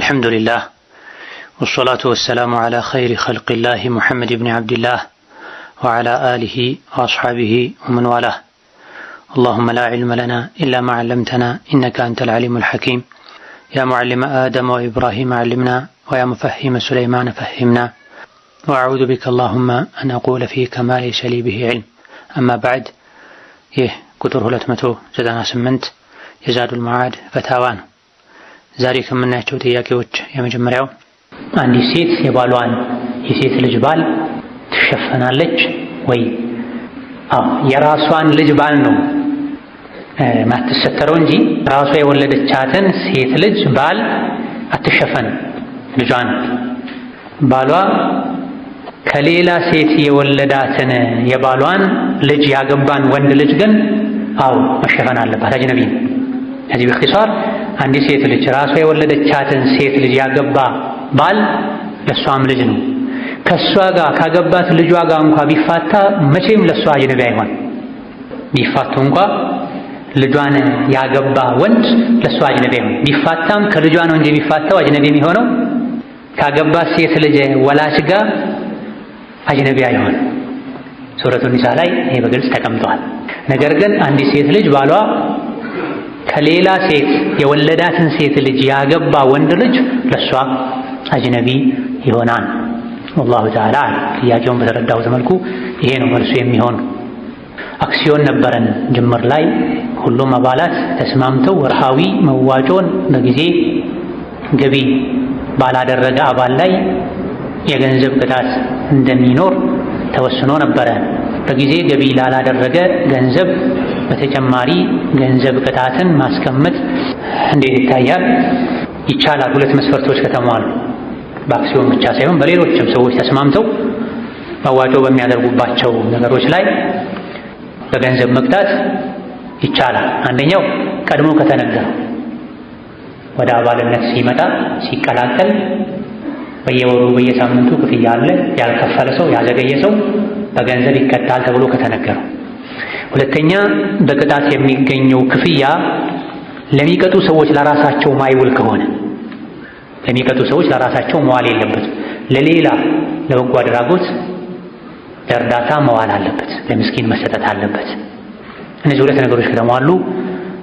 الحمد لله والصلاة والسلام على خير خلق الله محمد بن عبد الله وعلى آله وأصحابه ومن والاه اللهم لا علم لنا إلا ما علمتنا إنك أنت العليم الحكيم يا معلم آدم وإبراهيم علمنا ويا مفهم سليمان فهمنا وأعوذ بك اللهم أن أقول فيك ما ليس لي به علم أما بعد يه قدره لتمته جدنا سمنت يزاد المعاد فتاوان ዛሬ ከምናያቸው ጥያቄዎች የመጀመሪያው አንዲት ሴት የባሏን የሴት ልጅ ባል ትሸፈናለች ወይ? አዎ የራሷን ልጅ ባል ነው ማትሰተረው እንጂ ራሷ የወለደቻትን ሴት ልጅ ባል አትሸፈንም። ልጇን ባሏ ከሌላ ሴት የወለዳትን የባሏን ልጅ ያገባን ወንድ ልጅ ግን አዎ መሸፈን አለባት። አጅነቢ ነው። ከዚህ አንዲት ሴት ልጅ ራሷ የወለደቻትን ሴት ልጅ ያገባ ባል ለሷም ልጅ ነው። ከሷ ጋር ካገባት ልጇ ጋር እንኳ ቢፋታ መቼም ለሷ አጅነቢ አይሆን። ቢፋቱ እንኳ ልጇን ያገባ ወንድ ለሷ አጅነቢ አይሆን። ቢፋታም ከልጇ ነው እንጂ ቢፋታው አጅነቢ የሚሆነው ካገባት ሴት ልጅ ወላጅ ጋር አጅነቢ አይሆን። ሱረቱ ኒሳ ላይ ይሄ በግልጽ ተቀምጧል። ነገር ግን አንዲት ሴት ልጅ ባሏ ከሌላ ሴት የወለዳትን ሴት ልጅ ያገባ ወንድ ልጅ ለሷ አጅነቢ ይሆናል። ወላሁ ተዓላ ጥያቄውን በተረዳሁት መልኩ ይሄ ነው መልሱ የሚሆን። አክሲዮን ነበረን ጅምር ላይ ሁሉም አባላት ተስማምተው ወርሃዊ መዋጮን በጊዜ ገቢ ባላደረገ አባል ላይ የገንዘብ ቅጣት እንደሚኖር ተወስኖ ነበረ። በጊዜ ገቢ ላላደረገ ገንዘብ በተጨማሪ ገንዘብ ቅጣትን ማስቀመጥ እንዴት ይታያል? ይቻላል። ሁለት መስፈርቶች ከተሟሉ በአክሲዮን ብቻ ሳይሆን በሌሎችም ሰዎች ተስማምተው መዋጮ በሚያደርጉባቸው ነገሮች ላይ በገንዘብ መቅጣት ይቻላል። አንደኛው ቀድሞ ከተነገረ ወደ አባልነት ሲመጣ ሲቀላቀል በየወሩ በየሳምንቱ ክፍያ አለ። ያልከፈለ ሰው ያዘገየ ሰው በገንዘብ ይቀጣል ተብሎ ከተነገረው ሁለተኛ በቅጣት የሚገኘው ክፍያ ለሚቀጡ ሰዎች ለራሳቸው ማይውል ከሆነ ለሚቀጡ ሰዎች ለራሳቸው መዋል የለበትም። ለሌላ ለበጎ አድራጎት ለእርዳታ መዋል አለበት፣ ለምስኪን መሰጠት አለበት። እነዚህ ሁለት ነገሮች ከተሟሉ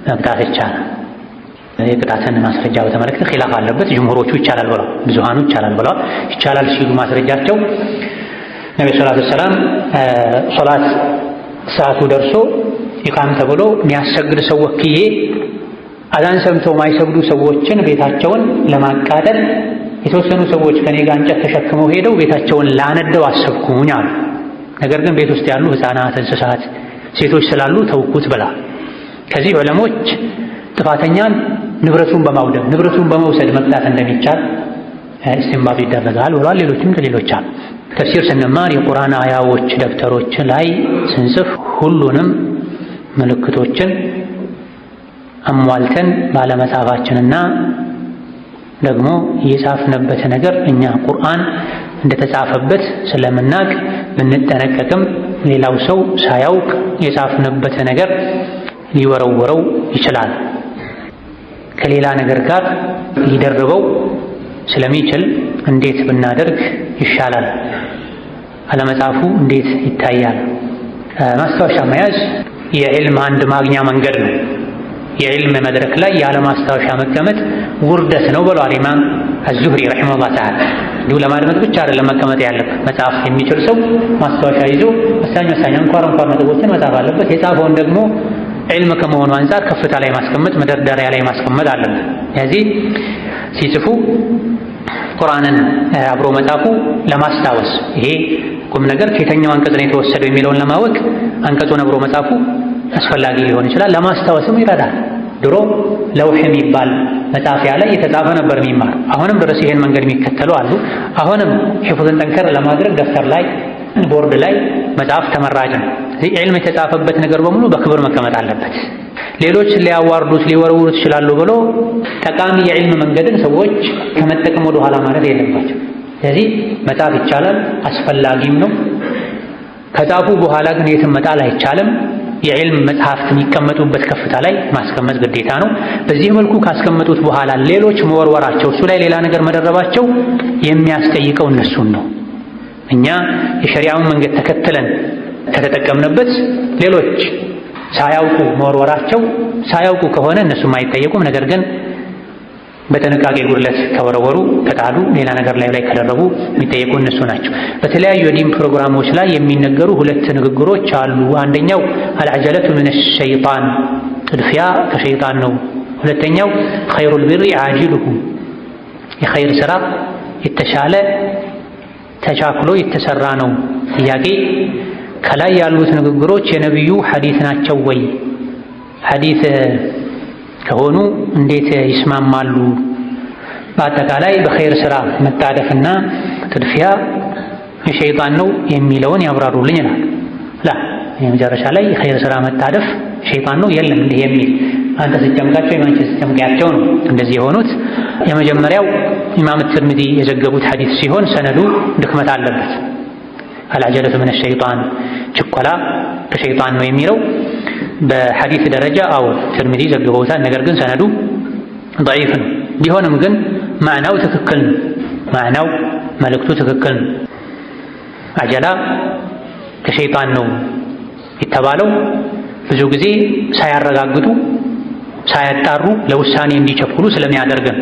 መቅጣት ይቻላል። የቅጣትን ማስረጃ በተመለከተ ኺላፍ አለበት። ጅምሁሮቹ ይቻላል ብለዋል፣ ብዙሃኑ ይቻላል ብለዋል። ይቻላል ሲሉ ማስረጃቸው ነቢ ሰላቱ ሰላም ሶላት ሰዓቱ ደርሶ ይቃም ተብሎ የሚያሰግድ ሰው ወክዬ አዛን ሰምተው ማይሰግዱ ሰዎችን ቤታቸውን ለማቃጠል የተወሰኑ ሰዎች ከኔ ጋር እንጨት ተሸክመው ሄደው ቤታቸውን ላነደው አሰብኩኝ አሉ። ነገር ግን ቤት ውስጥ ያሉ ሕፃናት፣ እንስሳት፣ ሴቶች ስላሉ ተውኩት ብላ ከዚህ ዑለሞች ጥፋተኛን ንብረቱን በማውደም ንብረቱን በመውሰድ መቅጣት እንደሚቻል እስትንባጥ ይደረጋል ብሏል። ሌሎችም ከሌሎች አሉ። ተፍሲር ስንማር የቁርአን አያዎች ደብተሮች ላይ ስንጽፍ ሁሉንም ምልክቶችን አሟልተን ባለመጻፋችንና ደግሞ የጻፍንበት ነገር እኛ ቁርአን እንደተጻፈበት ስለምናቅ ብንጠነቀቅም ሌላው ሰው ሳያውቅ የጻፍንበት ነገር ሊወረወረው ይችላል። ከሌላ ነገር ጋር ሊደርበው ስለሚችል እንዴት ብናደርግ ይሻላል? አለመጻፉ እንዴት ይታያል? ማስታወሻ መያዝ የዕልም አንድ ማግኛ መንገድ ነው። የዕልም መድረክ ላይ ያለ ማስታወሻ መቀመጥ ውርደት ነው ብሏል ኢማም አዙህሪ ረሒመሁላህ ተዓላ። እንዲሁ ለማድመጥ ብቻ አይደለም መቀመጥ ያለበት። መጽሐፍ የሚችል ሰው ማስታወሻ ይዞ ወሳኝ ወሳኝ አንኳር አንኳር ነጥቦችን መጻፍ አለበት። የጻፈውን ደግሞ ዕልም ከመሆኑ አንጻር ከፍታ ላይ ማስቀመጥ፣ መደርደሪያ ላይ ማስቀመጥ አለበት። ስለዚህ ሲጽፉ ቁርአንን አብሮ መጻፉ ለማስታወስ ይሄ ቁም ነገር ከየትኛው አንቀጽ ነው የተወሰደው የሚለውን ለማወቅ አንቀጹን አብሮ መጻፉ አስፈላጊ ሊሆን ይችላል። ለማስታወስም ይረዳል። ድሮ ለውሕ የሚባል መጻፊያ ላይ የተጻፈ ነበር የሚማር። አሁንም ድረስ ይሄን መንገድ የሚከተሉ አሉ። አሁንም ሕፍዝን ጠንከር ለማድረግ ደብተር ላይ ቦርድ ላይ መጻፍ ተመራጭ ነው። ዒልም የተጻፈበት ነገር በሙሉ በክብር መቀመጥ አለበት። ሌሎች ሊያዋርዱት ሊወረውሩት ይችላሉ ብሎ ጠቃሚ የዒልም መንገድን ሰዎች ከመጠቀም ወደ ኋላ ማለት የለባቸው። ስለዚህ መጻፍ ይቻላል፣ አስፈላጊም ነው። ከጻፉ በኋላ ግን የትም መጣል አይቻልም። የዕልም መጽሐፍት የሚቀመጡበት ከፍታ ላይ ማስቀመጥ ግዴታ ነው። በዚህ መልኩ ካስቀመጡት በኋላ ሌሎች መወርወራቸው፣ እሱ ላይ ሌላ ነገር መደረባቸው የሚያስጠይቀው እነሱን ነው። እኛ የሸሪዓውን መንገድ ተከትለን ከተጠቀምንበት ሌሎች ሳያውቁ መወርወራቸው ሳያውቁ ከሆነ እነሱም አይጠየቁም። ነገር ግን በጥንቃቄ ጉድለት ከወረወሩ ከጣሉ፣ ሌላ ነገር ላይ ላይ ከደረቡ የሚጠየቁ እነሱ ናቸው። በተለያዩ የዲን ፕሮግራሞች ላይ የሚነገሩ ሁለት ንግግሮች አሉ። አንደኛው አልዐጀለቱ ምን ሸይጣን ጥድፊያ ከሸይጣን ነው። ሁለተኛው ኸይሩል ቢሪ ዓጅሉሁ የኸይር ስራ የተሻለ ተቻክሎ የተሰራ ነው። ጥያቄ ከላይ ያሉት ንግግሮች የነቢዩ ሐዲስ ናቸው ወይ? ሐዲስ ከሆኑ እንዴት ይስማማሉ? በአጠቃላይ በኸይር ስራ መጣደፍና ጥድፊያ የሸይጣን ነው የሚለውን ያብራሩልኝ ይላል። ላ የመጨረሻ ላይ ኸይር ስራ መጣደፍ ሸይጣን ነው የለም እንዲህ የሚል አንተ ስትጨምቃቸው የማንቸ ስትጨምቂያቸው ነው እንደዚህ የሆኑት። የመጀመሪያው ኢማም ትርሚዚ የዘገቡት ሐዲስ ሲሆን ሰነዱ ድክመት አለበት። አልዐጀለቱ ሚነ ሸይጣን ችኮላ ከሸይጣን ነው የሚለው በሐዲስ ደረጃ አው ትርሚዚ ዘግበውታል። ነገር ግን ሰነዱ ደዒፍ ነው። ቢሆንም ግን ማዕናው ትክክል ነው። ማዕናው መልእክቱ ትክክል ነው። አጀላ ከሸይጣን ነው የተባለው ብዙ ጊዜ ሳያረጋግጡ ሳያጣሩ ለውሳኔ እንዲቸኩሉ ስለሚያደርገን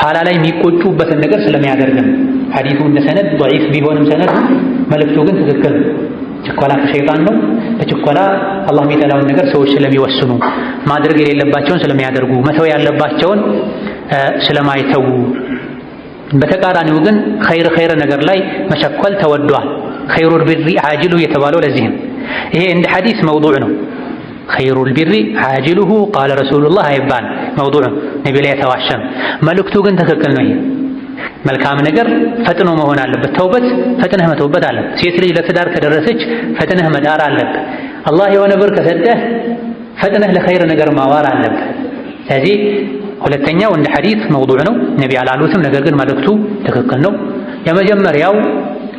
ኋላ ላይ የሚቆጩበትን ነገር ስለሚያደርገን ሐዲሱ እንደ ሰነድ ደዒፍ ቢሆንም ሰነድ መልእክቱ ግን ትክክል ችኮላ ከሸይጣን ነው። በችኮላ አላህ የሚጠላውን ነገር ሰዎች ስለሚወስኑ ማድረግ የሌለባቸውን ስለሚያደርጉ መተው ያለባቸውን ስለማይተው በተቃራኒው ግን ኸይር ኸይር ነገር ላይ መቸኮል ተወዷል። ኸይሩል ቢሪ ዓጅሉ የተባለው ለዚህም ይሄ እንደ ሐዲስ መውዱዕ ነው። ኸይሩል ቢሪ ዓጅሉሁ ቃለ ረሱሉላህ አይባል መውዱዕ ነቢ ላይ የተዋሸ መልእክቱ ግን ትክክል ነው። መልካም ነገር ፈጥኖ መሆን አለበት። ተውበት ፈጥነህ መተውበት አለ። ሴት ልጅ ለትዳር ከደረሰች ፈጥነህ መዳር አለብ። አላህ የሆነ ብር ከሰጠህ ፈጥነህ ለኸይር ነገር ማዋር አለብ ስለዚህ ሁለተኛው እንደ ሐዲስ መውዱዕ ነው፣ ነቢ አላሉትም፣ ነገር ግን መልእክቱ ትክክል ነው። የመጀመሪያው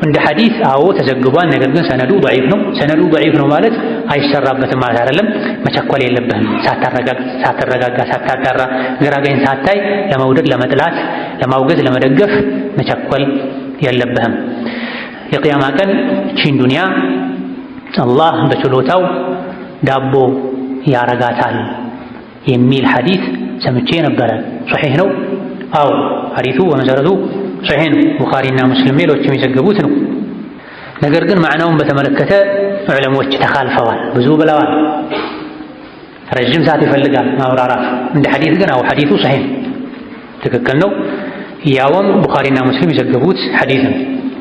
እንደ ሐዲስ አዎ ተዘግቧል፣ ነገር ግን ሰነዱ ضعيف ነው። ሰነዱ ضعيف ነው ማለት አይሰራበትም ማለት አይደለም። መቸኮል የለብህም ሳታረጋጋ ሳታጣራ ግራቀኝ ሳታይ ለመውደድ ለመጥላት ለማውገዝ ለመደገፍ መቸኮል የለብህም። የቅያማ ቀን ቺን ዱንያ አላህ በችሎታው ዳቦ ያረጋታል የሚል ሐዲስ ሰምቼ ነበረ። ሶሒህ ነው? አዎ፣ ሐዲሱ በመሰረቱ ሶሒህ ነው። ቡኻሪና ሙስሊም ሌሎች የዘገቡት ነው። ነገር ግን ማዕናውን በተመለከተ ዑለሞች ተካልፈዋል፣ ብዙ ብለዋል። ረዥም ሰዓት ይፈልጋል ማብራራት። እንደ ሐዲስ ግን አዎ ሐዲሱ ሶሒህ ትክክል ነው። ያውም ቡኻሪና ሙስሊም የዘገቡት ሐዲስ ነው።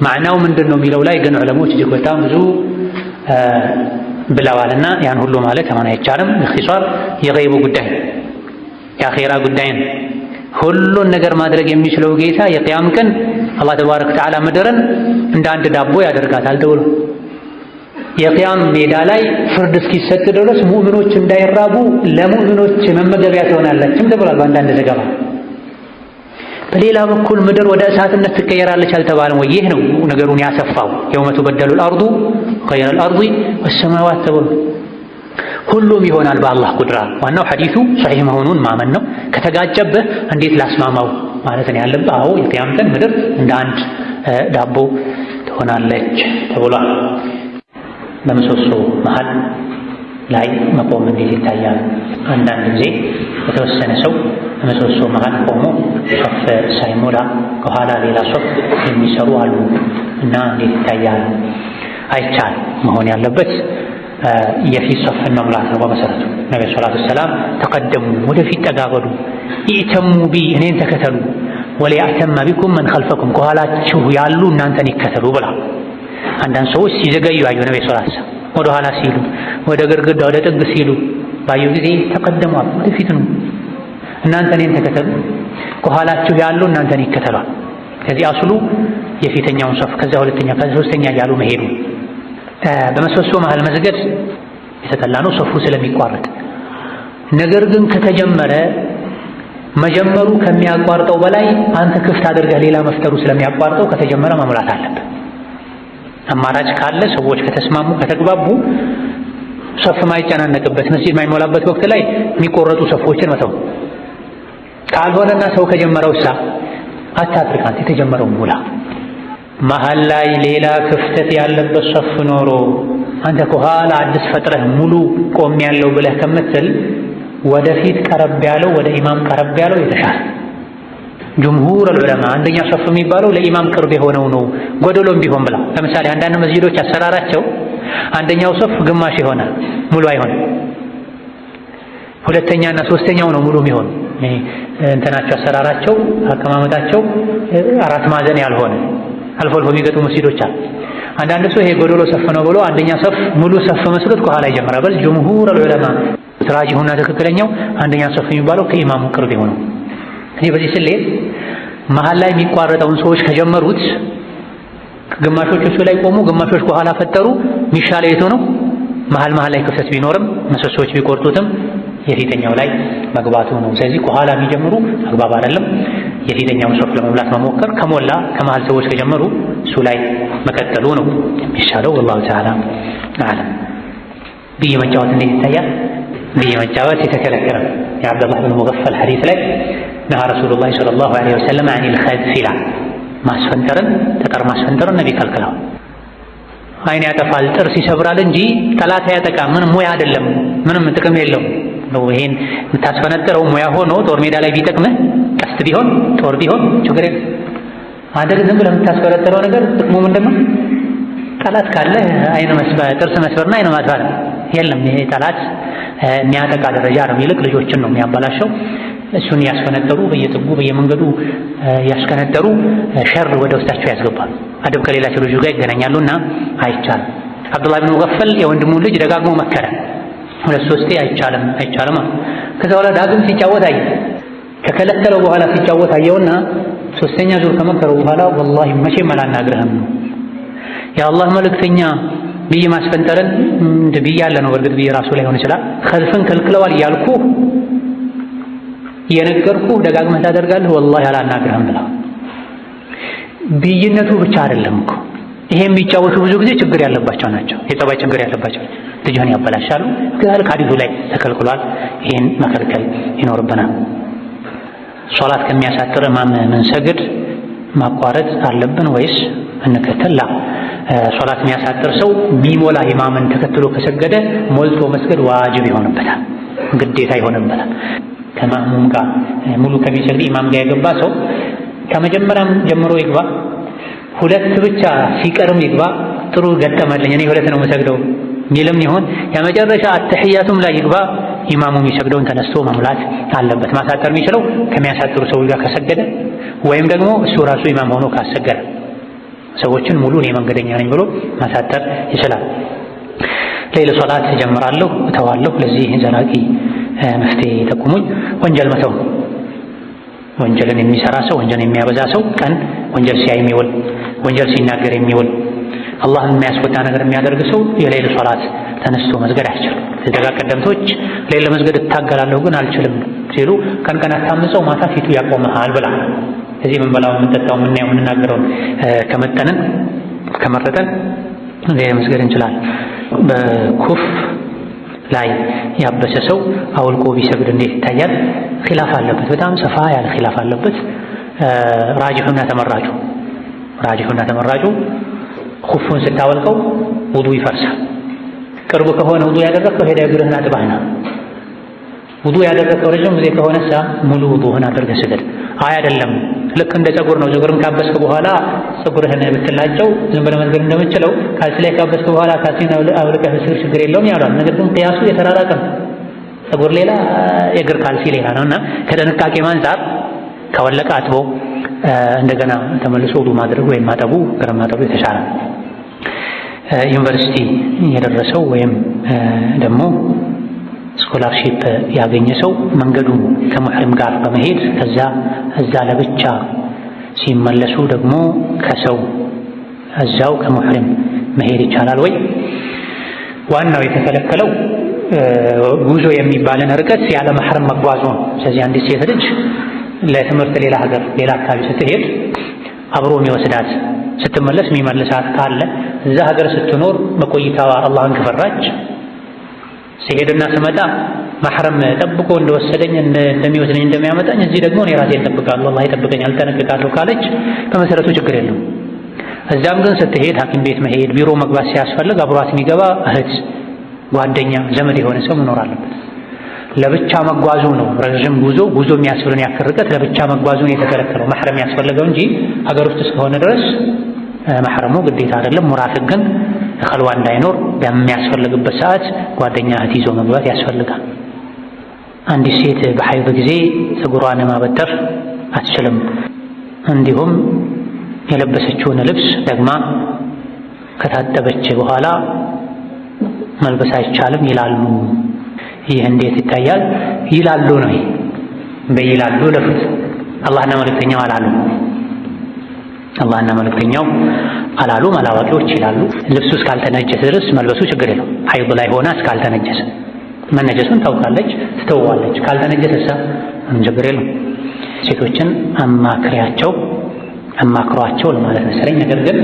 ማዕናው ምንድን ነው የሚለው ላይ ግን ዕለሞች እጅግ በጣም ብዙ ብለዋልና ያን ሁሉ ማለት አሁን አይቻልም። ኢኽቲሷር የገይቡ ጉዳይ የአኼራ ጉዳይ ነው። ሁሉን ነገር ማድረግ የሚችለው ጌታ የቅያም ቀን አላህ ተባረከ ወተዓላ ምድርን እንደ አንድ ዳቦ ያደርጋታል ተብሎ የቅያም ሜዳ ላይ ፍርድ እስኪሰጥ ድረስ ሙእሚኖች እንዳይራቡ ለሙእሚኖች መመገቢያ ትሆናለችም ተብሏል በአንዳንድ ዘገባ። በሌላ በኩል ምድር ወደ እሳትነት ትቀየራለች አልተባለም ወይ? ይህ ነው ነገሩን ያሰፋው። የውመቱ በደሉል አርዱ ገይረል አርዲ ወሰማዋት ተብሎ ሁሉም ይሆናል በአላህ ቁድራ። ዋናው ሐዲሱ ሰሒህ መሆኑን ማመን ነው። ከተጋጨብህ እንዴት ላስማማው ማለት ነው ያለብህ። አዎ የቂያም ቀን ምድር እንደ አንድ ዳቦ ትሆናለች ተብሏል። በምሰሶ መሃል ላይ መቆም እንዴት ይታያል? አንዳንድ ጊዜ የተወሰነ ሰው ምሰሶ መሃል ቆሞ ሶፍ ሳይሞላ ከኋላ ሌላ ሶፍ የሚሰሩ አሉ እና እንዴት ይታያል? አይቻል መሆን ያለበት የፊት ሶፍን መሙላት ነው። በመሰረቱ ነብዩ ሰለላሁ ዐለይሂ ተቀደሙ፣ ወደፊት ጠጋበሉ፣ ኢተሙ ቢ እኔን ተከተሉ፣ ወለያዕተመ ቢኩም መን ኸልፈኩም ከኋላችሁ ያሉ እናንተን ይከተሉ ብላ አንዳንድ ሰዎች ሲዘገዩ አዩ ነብዩ ሰለላሁ ዐለይሂ ወደ ኋላ ሲሉ፣ ወደ ግርግዳ ወደ ጥግ ሲሉ ባየው ጊዜ ተቀደሙ፣ ወደፊት ነው እናንተ እኔን ተከተሉ፣ ከኋላችሁ ያሉ እናንተን ይከተሏል። ከዚህ አስሉ የፊተኛውን ሶፍ ከዚያ ሁለተኛ ከዚያ ሶስተኛ እያሉ መሄዱ። በመሰሶ መሃል መስገድ የተጠላ ነው ሶፉ ስለሚቋረጥ። ነገር ግን ከተጀመረ መጀመሩ ከሚያቋርጠው በላይ አንተ ክፍት አድርገህ ሌላ መፍጠሩ ስለሚያቋርጠው ከተጀመረ መሙላት አለብህ። አማራጭ ካለ ሰዎች ከተስማሙ ከተግባቡ ሶፍ ማይጨናነቅበት መስጂድ ማይሞላበት ወቅት ላይ የሚቆረጡ ሶፎችን መተው ካልሆነና ሰው ከጀመረው ሳ አታድርጋት የተጀመረው ሙላ። መሀል ላይ ሌላ ክፍተት ያለበት ሰፍ ኖሮ አንተ ከኋላ አዲስ ፈጥረህ ሙሉ ቆም ያለው ብለህ ከምትል ወደፊት ቀረብ ያለው ወደ ኢማም ቀረብ ያለው የተሻለ። ጅምሁር አልዑለማ አንደኛ ሰፍ የሚባለው ለኢማም ቅርብ የሆነው ነው፣ ጎደሎም ቢሆን ብላ። ለምሳሌ አንዳንድ መስጂዶች አሰራራቸው አንደኛው ሰፍ ግማሽ ይሆናል፣ ሙሉ አይሆንም። ሁለተኛና ሶስተኛው ነው ሙሉ የሚሆን እንትናቸው አሰራራቸው፣ አቀማመጣቸው አራት ማዕዘን ያልሆነ አልፎ አልፎ የሚገጡ መስጊዶች አሉ። አንዳንድ ሰው ይሄ ጎዶሎ ሰፍ ነው ብሎ አንደኛ ሰፍ ሙሉ ሰፍ መስሎት ከኋላ ይጀምራል። በል ጅምሁር ዑለማ ራጂሁና ትክክለኛው አንደኛ ሰፍ የሚባለው ከኢማሙ ቅርብ የሆነው እኔ በዚህ ስሌት መሀል ላይ የሚቋረጠውን ሰዎች ከጀመሩት ግማሾች እሱ ላይ ቆሙ፣ ግማሾች ከኋላ ፈጠሩ። ሚሻለ የቱ ነው? መሀል መሀል ላይ ክፍተት ቢኖርም ምሰሶዎች ቢቆርጡትም የፊተኛው ላይ መግባቱ ነው። ስለዚህ ከኋላ የሚጀምሩ አግባብ አይደለም። የፊተኛውን ሶፍ ለመሙላት መሞከር ከሞላ ከመሀል ሰዎች ከጀመሩ እሱ ላይ መቀጠሉ ነው የሚሻለው። ወላሁ ተዓላ አለም። ብይ መጫወት እንዴት ይታያል? ብይ መጫወት የተከለከለ የአብደላህ ብን ሙገፈል ሐዲስ ላይ ነሃ ረሱሉላህ ሰለላሁ ዐለይሂ ወሰለም አኒል ኸዝፍ ይላል። ማስፈንጠርን ጠጠር ማስፈንጠርን ነቢ ከልክለዋል። አይን ያጠፋል ጥርስ ይሰብራል እንጂ ጠላት ያጠቃ ምንም ሙያ አይደለም፣ ምንም ጥቅም የለውም። ነው። ይሄን የምታስፈነጥረው ሙያ ሆኖ ጦር ሜዳ ላይ ቢጠቅምህ ቀስት ቢሆን ጦር ቢሆን ችግር የለም። አደር ዝም ብለህ የምታስፈነጥረው ነገር ጥቅሙ ምንድን ነው? ጠላት ካለ አይን መስበር፣ ጥርስ መስበርና አይን ማጥፋት የለም። ይሄ ጠላት የሚያጠቃ ደረጃ ነው። ይልቅ ልጆችን ነው የሚያባላሸው። እሱን ያስፈነጠሩ በየጥጉ በየመንገዱ ያስከነጠሩ ሸር ወደ ውስጣቸው ያስገባሉ። አደብ ከሌላቸው ልጆች ጋር ይገናኛሉና አይቻልም። አብዱላህ ብን ሙገፈል የወንድሙን ልጅ ደጋግሞ መከረ። ሁለት ሶስቴ አይቻልም አይቻልም። ከዛ በኋላ ዳግም ሲጫወት አየ። ከከለከለው በኋላ ሲጫወት አየውና ሶስተኛ ዙር ከመከረው በኋላ ወላሂ መቼም አላናግርህም ነው የአላህ መልእክተኛ ብይ ማስፈንጠርን እንደ ብይ ያለ ነው። በእርግጥ ብዬ ራሱ ላይ ሆነ ይችላል። ከልፍን ከልክለዋል ያልኩ የነገርኩ ደጋግመህ ታደርጋለህ። ወላሂ አላናግርህም ብላ ብይነቱ ብቻ አይደለም እኮ ይሄ የሚጫወቱ ብዙ ጊዜ ችግር ያለባቸው ናቸው። የጸባይ ችግር ያለባቸው ልጅን ያበላሻሉ። ግን ሀዲቱ ላይ ተከልክሏል። ይህን መከልከል ይኖርብናል። ሶላት ከሚያሳጥር ማም ምንሰግድ ማቋረጥ አለብን ወይስ እንከተላ? ሶላት የሚያሳጥር ሰው ቢሞላ ኢማምን ተከትሎ ከሰገደ ሞልቶ መስገድ ዋጅብ ይሆንበታል፣ ግዴታ ይሆንበታል። ከማሙም ጋር ሙሉ ከሚሰግድ ኢማም ጋር የገባ ሰው ከመጀመሪያም ጀምሮ ይግባ፣ ሁለት ብቻ ሲቀርም ይግባ። ጥሩ ገጠመልኝ እኔ ሁለት ነው የምሰግደው ሚልም ይሁን የመጨረሻ አተሕያቱም ላይ ይግባ። ኢማሙ የሚሰግደውን ተነስቶ መሙላት አለበት። ማሳጠር የሚችለው ከሚያሳጥሩ ሰዎች ጋር ከሰገደ ወይም ደግሞ እሱ ራሱ ኢማም ሆኖ ካሰገደ ሰዎችን ሙሉ እኔ መንገደኛ ነኝ ብሎ ማሳጠር ይችላል። ሌላ ሶላት እጀምራለሁ እተዋለሁ። ለዚህ ዘላቂ መፍትሄ ጠቁሙኝ። ወንጀል መተው ወንጀልን የሚሰራ ሰው ወንጀል የሚያበዛ ሰው ቀን ወንጀል ሲያይ የሚውል ወንጀል ሲናገር የሚውል አላህን የሚያስቆጣ ነገር የሚያደርግ ሰው የሌል ሶላት ተነስቶ መስገድ አይችልም። የደጋ ቀደምቶች ሌል ለመስገድ እታገላለሁ ግን አልችልም ሲሉ ቀን ቀን አታምፀው ማታ ፊቱ ያቆመሃል ብላ እዚህ የምንበላው የምንጠጣው የምናየው የምንናገረውን ከመጠንን ከመረጠን ሌል መስገድ እንችላለን። በኩፍ ላይ ያበሰ ሰው አውልቆ ቢሰግድ እንዴት ይታያል? ኺላፍ አለበት። በጣም ሰፋ ያለ ኺላፍ አለበት። ራጅሑና ተመራጩ ራጅሑና ተመራጩ ሁፉን ስታወልቀው ውዱ ይፈርሳል። ቅርብ ከሆነ ውዱ ያደረግከው ሄዳ እግርህን ነው። ውዱ ያደረግከው ረጅም ጊዜ ከሆነ ሳ ሙሉ ውዱህን አድርገህ ስገድ። አይ አይደለም፣ ልክ እንደ ፀጉር ነው። ፀጉርን ካበስክ በኋላ ፀጉርህን ብትላጨው ዝም ብለህ መስገድ እንደምችለው ካልሲ ላይ ካበስክ በኋላ ካልሲን አውልቀህ ብትስገድ ችግር የለውም ያሏል። ነገር ግን ቅያሱ የተራራቀ ነው። ፀጉር ሌላ፣ የእግር ካልሲ ሌላ ነውና ከጥንቃቄ አንፃር ከወለቀ አጥቦ እንደገና ተመልሶ ውዱ ማድረግ ወይም ማጠቡ እግር ማጠቡ የተሻለ ነው። ዩኒቨርሲቲ የደረሰው ወይም ደግሞ ስኮላርሺፕ ያገኘ ሰው መንገዱ ከሙሕሪም ጋር በመሄድ ከዛ እዛ ለብቻ ሲመለሱ ደግሞ ከሰው እዛው ከሙሕሪም መሄድ ይቻላል ወይ? ዋናው የተከለከለው ጉዞ የሚባልን ርቀት ያለ መሕረም መጓዝ ነው። ስለዚህ አንዲት ሴት ልጅ ለትምህርት ሌላ ሀገር ሌላ አካባቢ ስትሄድ አብሮ የሚወስዳት ስትመለስ የሚመልሳት ካለ እዛ ሀገር ስትኖር መቆይታዋ አላህን ከፈራች ሲሄድና ስመጣ ማህረም ጠብቆ እንደወሰደኝ እንደሚወስደኝ እንደሚያመጣኝ እዚህ ደግሞ እኔ ራሴ እጠብቃለሁ አላህ ይጠብቀኛል እጠነቅቃለሁ ካለች በመሰረቱ ችግር የለው። እዛም ግን ስትሄድ ሐኪም ቤት መሄድ፣ ቢሮ መግባት ሲያስፈልግ አብሯት የሚገባ እህት፣ ጓደኛ፣ ዘመድ የሆነ ሰው መኖር አለበት። ለብቻ መጓዙ ነው ረዥም ጉዞ ጉዞ የሚያስብልን ያክል ርቀት ለብቻ መጓዙ ነው የተከለከለው ማህረም ያስፈልገው እንጂ ሀገር ውስጥ እስከሆነ ድረስ መሐረሙ ግዴታ አይደለም። ሙራፊቅ ግን ኸልዋ እንዳይኖር በሚያስፈልግበት ሰዓት ጓደኛ እህት ይዞ መግባት ያስፈልጋል። አንዲት ሴት በሐይድ ጊዜ ፀጉሯን ማበጠር አትችልም። እንዲሁም የለበሰችውን ልብስ ደግማ ከታጠበች በኋላ መልበስ አይቻልም ይላሉ። ይህ እንዴት ይታያል? ይላሉ ነው በይላሉ ለፍት አላህና መልእክተኛው አላሉ አላህና መልክተኛው አላሉም አላዋቂዎች ይላሉ። ልብሱ እስካልተነጀሰ ድረስ መልበሱ ችግር የለው። ሀይድ ላይ ሆና እስካልተነጀሰ መነጀሱን ታውቃለች፣ ትተዋለች። ካልተነጀሰሳ ምንም ችግር የለው። ሴቶችን አማክሪያቸው አማክሯቸው ለማለት መሰለኝ። ነገር ግን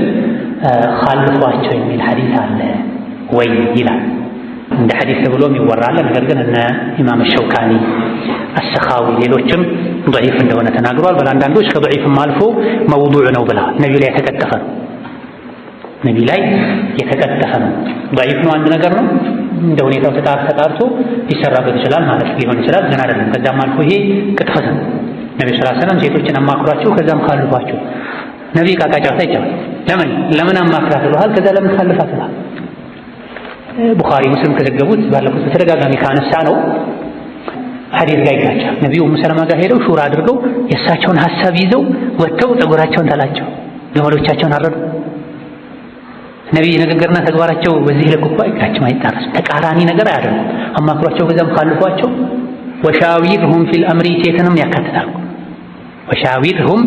ካልፏቸው የሚል ሐዲስ አለ ወይ ይላል። እንደ ሐዲስ ተብሎም ይወራል። ነገር ግን እነ ኢማም ሸውካኒ አሰኻዊ ሌሎችም ضዒፍ እንደሆነ ተናግሯል። በአንዳንዶች ከضዒፍም አልፎ መውዱዕ ነው ብላ ነቢ ላይ የተቀጠፈ ነው። ነቢዩ ላይ የተቀጠፈ ነው። ضዒፍ ነው አንድ ነገር ነው። እንደ ሁኔታው ተጣር ተጣርቶ ሊሰራበት ይችላል ማለት ሊሆን ይችላል። ግን አይደለም። ከዛም አልፎ ይሄ ቅጥፈት ነው። ነብዩ ሰለላሁ ዐለይሂ ሴቶችን አማክሯቸው ከዛም ካልፏቸው ነቢ ዕቃ ዕቃ ጨዋታ ለምን ለምን አማክራት ብለሃል፣ ከዛ ለምን ታልፋት ብለሃል። ቡኻሪ ሙስሊም ከዘገቡት ባለፉት በተደጋጋሚ ካነሳ ነው ሐዲስ ጋር ይጋጫል። ነቢዩ ኡሙ ሰለማ ጋር ሄደው ሹራ አድርገው የእሳቸውን ሐሳብ ይዘው ወጥተው ፀጉራቸውን ተላቸው፣ ግመሎቻቸውን አረዱ። ነቢይ ንግግርና ተግባራቸው በዚህ ልክ እኮ አይጋጭም፣ አይጣረስም። ተቃራኒ ነገር አያደርጉም። አማክሯቸው፣ በዛም ካልፏቸው። ወሻዊርሁም ፊል አምሪ ሴትንም ያካትታሉ። ወሻዊርሁም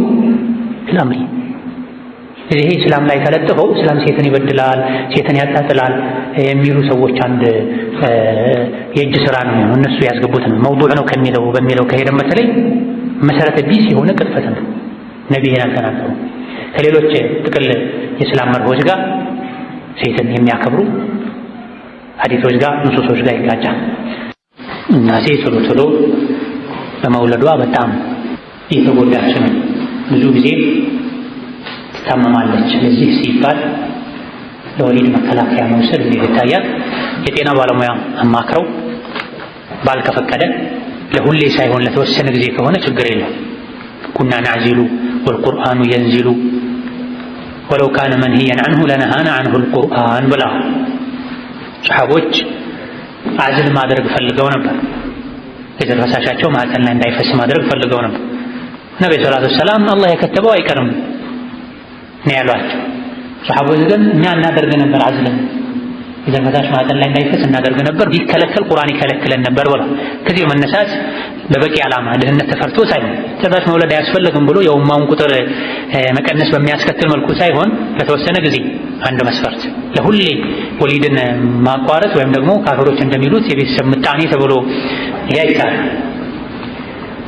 ፊል አምሪ ይሄ እስላም ላይ ተለጥፈው እስላም ሴትን ይበድላል፣ ሴትን ያጣጥላል የሚሉ ሰዎች አንድ የእጅ ስራ ነው የሚሆነው። እነሱ ያስገቡት ነው መውዱዕ ነው ከሚለው በሚለው ከሄደ በተለይ መሰረተ ቢስ የሆነ ቅጥፈት ነው። ነቢይን አልተናገሩ። ከሌሎች ጥቅል የእስላም መርሆች ጋር ሴትን የሚያከብሩ አዲቶች ጋር እንሶሶች ጋር ይጋጫል። እናቴ ቶሎ ቶሎ በመውለዷ በጣም እየተጎዳች ነው። ብዙ ጊዜ ትታመማለች። ለዚህ ሲባል ለወሊድ መከላከያ መውሰድ እንዴት ይታያል? የጤና ባለሙያ አማክረው ባል ከፈቀደ ለሁሌ ሳይሆን ለተወሰነ ጊዜ ከሆነ ችግር የለም። ኩና ናዕዚሉ ወልቁርአኑ የንዚሉ ወለው ካነ መንህየን አንሁ ለነሃና አንሁ ልቁርአን ብላ ሰሓቦች አዝል ማድረግ ፈልገው ነበር። የዘር ፈሳሻቸው ማዕፀን ላይ እንዳይፈስ ማድረግ ፈልገው ነበር። ነቢ ሰላቱ ወሰላም አላህ የከተበው አይቀርም ነው ያሏቸው። ሰሓቦች ግን እኛ እናደርግ ነበር አዝልን የጀመታች ማዕጠን ላይ እንዳይፈስ እናደርግ ነበር፣ ቢከለከል ቁርአን ይከለክለን ነበር ብሏል። ከዚህ መነሳት በበቂ ዓላማ ድህነት ተፈርቶ ሳይሆን ጭራሽ መውለድ አያስፈልግም ብሎ የኡማውን ቁጥር መቀነስ በሚያስከትል መልኩ ሳይሆን ለተወሰነ ጊዜ አንድ መስፈርት ለሁሌ ወሊድን ማቋረጥ ወይም ደግሞ ካፊሮች እንደሚሉት የቤተሰብ ምጣኔ ተብሎ ይሄ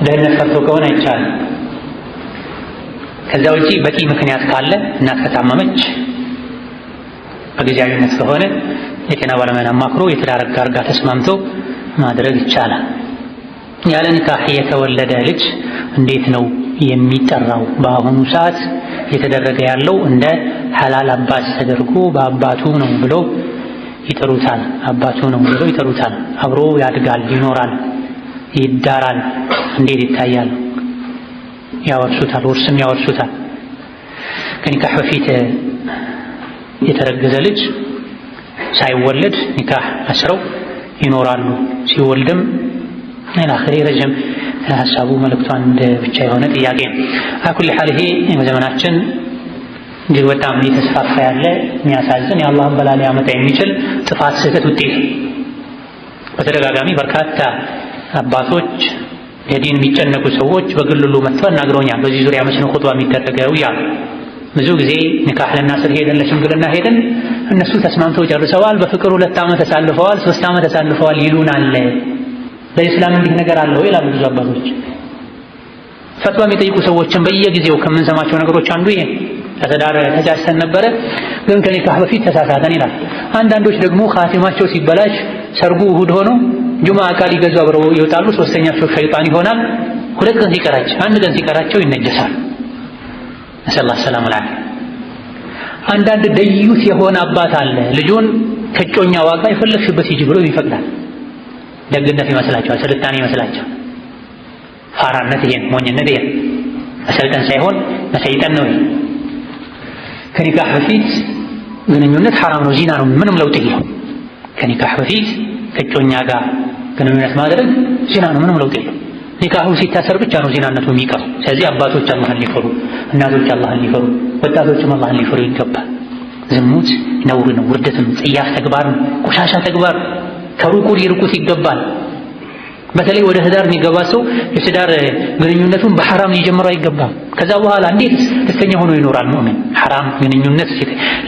ድህነት ፈርቶ ከሆነ አይቻልም። ከዛ ውጪ በቂ ምክንያት ካለ እናት ከታመመች በጊዜያዊነት ከሆነ የጤና ባለሙያን አማክሮ የትዳር አጋር ጋር ተስማምቶ ማድረግ ይቻላል። ያለ ንካህ የተወለደ ልጅ እንዴት ነው የሚጠራው? በአሁኑ ሰዓት እየተደረገ ያለው እንደ ሐላል አባት ተደርጎ በአባቱ ነው ብሎ ይጠሩታል። አባቱ ነው ብሎ ይጠሩታል። አብሮ ያድጋል፣ ይኖራል፣ ይዳራል። እንዴት ይታያል? ያወርሱታል፣ ውርስም ያወርሱታል። ከኒካህ በፊት የተረገዘ ልጅ ሳይወለድ ኒካህ አስረው ይኖራሉ። ሲወልድም ላክሬ ረጅም ሀሳቡ መልእክቱ አንድ ብቻ የሆነ ጥያቄ ነው። አኩል ሐል ይሄ በዘመናችን እጅግ በጣም እየተስፋፋ ያለ የሚያሳዝን የአላህን በላ ሊያመጣ የሚችል ጥፋት፣ ስህተት ውጤት በተደጋጋሚ በርካታ አባቶች ለዲን የሚጨነቁ ሰዎች በግልሉ መጥተው አናግረውኛል። በዚህ ዙሪያ መስነ ነው ኹጥባ የሚደረገው እያሉ ብዙ ጊዜ ኒካህ ልናስር ሄደን ለሽምግልና ሄደን እነሱ ተስማምተው ጨርሰዋል፣ በፍቅር ሁለት ዓመት ተሳልፈዋል፣ ሶስት ዓመት ተሳልፈዋል ይሉናል። በኢስላም እንዲህ ነገር አለው ይላሉ ብዙ አባቶች። ፈትዋ የሚጠይቁ ሰዎችን በየጊዜው ከምንሰማቸው ነገሮች አንዱ ይሄ ተዳር ተጫሰን ነበረ፣ ግን ከኒካህ በፊት ተሳሳተን ይላል። አንዳንዶች ደግሞ ካቲማቸው ሲበላሽ ሰርጉ እሁድ ሆኖ ጁማ ዕቃ ሊገዙ አብረው ይወጣሉ። ሶስተኛቸው ሸይጣን ይሆናል። ሁለት ቀን ሲቀራቸው አንድ ቀን ሲቀራቸው ይነጀሳል። ነሰላ ሰላም ላ አንዳንድ ደዩት የሆነ አባት አለ። ልጁን ከጮኛ ዋጋ የፈለግሽበት ሂጂ ብሎ ይፈቅዳል። ደግነት ይመስላቸዋል፣ ስልጣኔ ይመስላቸዋል። ፋራነት ይሄን ሞኝነት ይሄን መሰልጠን ሳይሆን መሰይጠን ነው። ከኒካህ በፊት ግንኙነት ሐራም ነው፣ ዚና ነው። ምንም ለውጥ የለው። ከኒካህ በፊት ከጮኛ ጋር ግንኙነት ማድረግ ዚና ነው፣ ምንም ለውጥ የለው። ኒካሁ ሲታሰር ብቻ ነው ዚናነቱ የሚቀሩ። ስለዚህ አባቶች አላህን ሊፈሩ እናቶች አላህን ሊፈሩ፣ ወጣቶችም አላህን ሊፈሩ ይገባል። ዝሙት ነውር ነው፣ ውርደት ጽያፍ ተግባር ነው፣ ቆሻሻ ተግባር ከሩቁ ሊርቁት ይገባል። በተለይ ወደ ትዳር የሚገባ ሰው የትዳር ግንኙነቱን በሐራም ሊጀምረው አይገባም። ከዛ በኋላ እንዴት ደስተኛ ሆኖ ይኖራል ሙእሚን? ሐራም ግንኙነት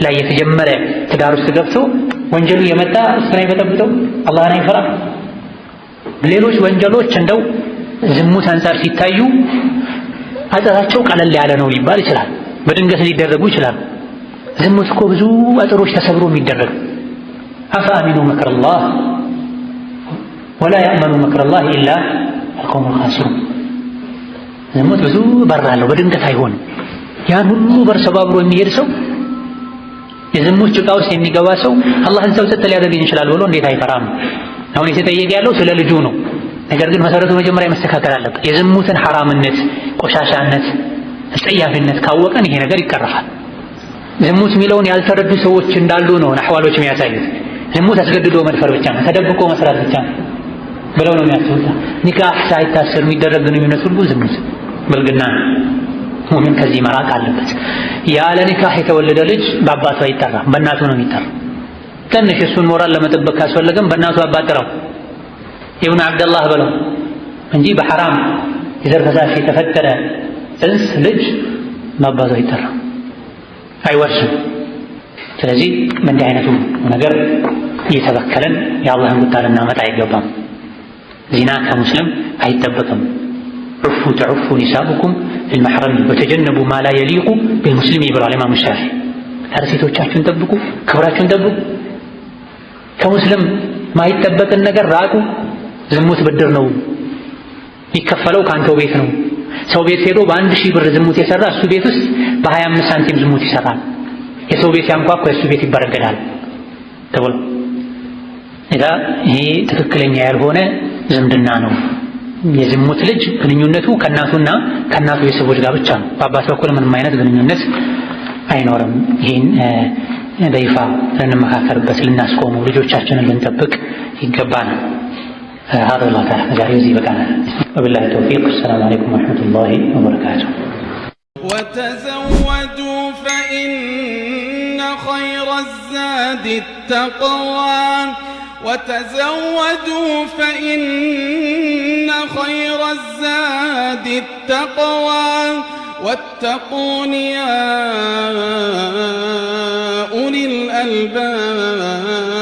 ላይ የተጀመረ ትዳር ውስጥ ገብቶ ወንጀሉ የመጣ እሱን አይበጠብጠው፣ አላህን አይፈራ። ሌሎች ወንጀሎች እንደው ዝሙት አንጻር ሲታዩ አጥራቸው ቀለል ያለ ነው ሊባል ይችላል። በድንገት ሊደረጉ ይችላል። ዝሙት እኮ ብዙ አጥሮች ተሰብሮ የሚደረግ አፈአሚኑ መክረላህ ወላ ያእመኑ መክረላህ ኢላ አልቀውሙል ኻሲሩን። ዝሙት ብዙ በር አለው፣ በድንገት አይሆንም። ያን ሁሉ በር ሰባብሮ የሚሄድ ሰው የዝሙት ጭቃ ውስጥ የሚገባ ሰው አላህን ሰው ጸጥ ሊያደርገኝ ይችላል ብሎ እንዴት አይፈራም? አሁን የተጠየቀ ያለው ስለ ልጁ ነው። ነገር ግን መሰረቱ መጀመሪያ መስተካከል አለበት። የዝሙትን ሐራምነት ቆሻሻነት፣ አስጸያፊነት ካወቀን ይሄ ነገር ይቀረፋል። ዝሙት የሚለውን ያልተረዱ ሰዎች እንዳሉ ነው አሕዋሎች የሚያሳዩት። ዝሙት አስገድዶ መድፈር ብቻ ነው፣ ተደብቆ መስራት ብቻ ነው ብለው ነው የሚያስቡት። ኒካህ ሳይታሰር የሚደረግ ግንኙነት ሁሉ ዝሙት ብልግና ነው። ሙሚን ከዚህ መራቅ አለበት። ያለ ኒካህ የተወለደ ልጅ በአባቱ አይጠራም፣ በእናቱ ነው የሚጠራ። ትንሽ እሱን ሞራል ለመጠበቅ ካስፈለገም በእናቱ አባት ጥራው፣ ኢብኑ አብደላህ በለው እንጂ በሐራም የዘር ፈሳሽ የተፈጠረ እዝ ልጅ ማባዙ አይጠራም፣ አይወርስም። ስለዚህ በእንዲህ አይነቱ ነገር እየተበከለን የአላህን ቁጣ ልናመጣ አይገባም። ዚና ከሙስልም አይጠበቅም። ዑፉ ተዑፉ ኒሳኡኩም ልመሕረም ወተጀነቡ ማላ የሊቁ ቢልሙስሊም ብሏል ኢማሙ ሻፊዒ። ኧረ ሴቶቻችሁን ጠብቁ፣ ክብራችሁን ጠብቁ፣ ከሙስልም ማይጠበቅን ነገር ራቁ። ዝሙት ብድር ነው የሚከፈለው ከአንተው ቤት ነው። ሰው ቤት ሄዶ በአንድ ሺህ ብር ዝሙት የሰራ እሱ ቤት ውስጥ በሀያ አምስት ሳንቲም ዝሙት ይሰራል። የሰው ቤት ያንኳኳ የእሱ ቤት ይበረገዳል ተብሎ ይሄ ትክክለኛ ያልሆነ ዝምድና ነው። የዝሙት ልጅ ግንኙነቱ ከእናቱና ከእናቱ ቤተሰቦች ጋር ብቻ ነው። በአባት በኩል ምንም አይነት ግንኙነት አይኖርም። ይህን በይፋ ልንመካከርበት፣ ልናስቆመው፣ ልጆቻችንን ልንጠብቅ ይገባናል። هذا الله تعالى جعل يجيبك عنها وبالله التوفيق السلام عليكم ورحمة الله وبركاته وتزودوا فإن خير الزاد التقوى وتزودوا فإن خير الزاد التقوى واتقون يا أولي الألباب